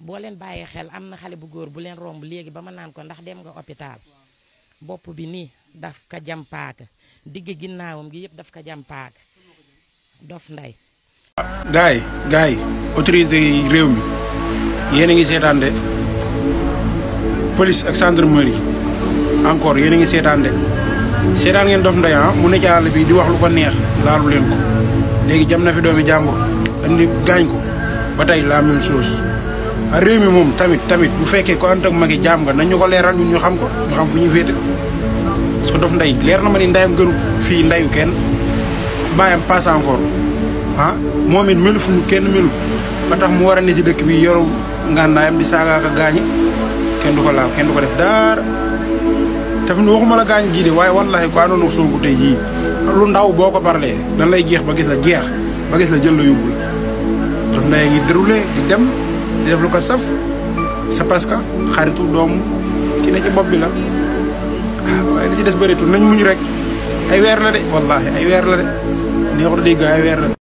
bo len baye xel am na xale bu góor bu len romb legi bama nan ko ndax dem nga hopital bop bi ni daf ka jam paaka digge ginnaawam gi yëpp daf ka jam paaka dof nday gay gay autorité rew mi yene ngi seetaan de police ak gendarmerie encore yene ngi seetaan de seetaan ngeen dof nday ha ah, mu ne ci bi di wax lu ko neex laalu len ko legi jam na fi doomi jambo andi gañ ko batay la même chose réew mi moom tamit tamit bu fekkee ko ànd ak magi jaam nga nañu ko leeral ñun ñu xam ko ñu xam fu ñu féete parce que dof ndey leer na ma ni ndayam gënu fii ndayu kenn bàyyam passe encore ah moom it melu fu mu kenn melu ba tax mu war a ne ci dëkk bi yoru ngànnaayam di saagaaka gaañi kenn du ko laal kenn du ko def daara te fi waxuma la gaañ gii de waaye wallahi ko àndoon ak soogu tey jii lu ndaw boo ko parlee dan lay jeex ba gis la jeex ba gis la jël la yóbbu la dof ndey ngi déroulé di dem di ko saf c'est parce que xaritu doomu ki ne ci bopp bi la ah, waaye li ci des bëreetul nañ muñ rek ay weer la de wallahi ay weer la de neexut dégg ay weer la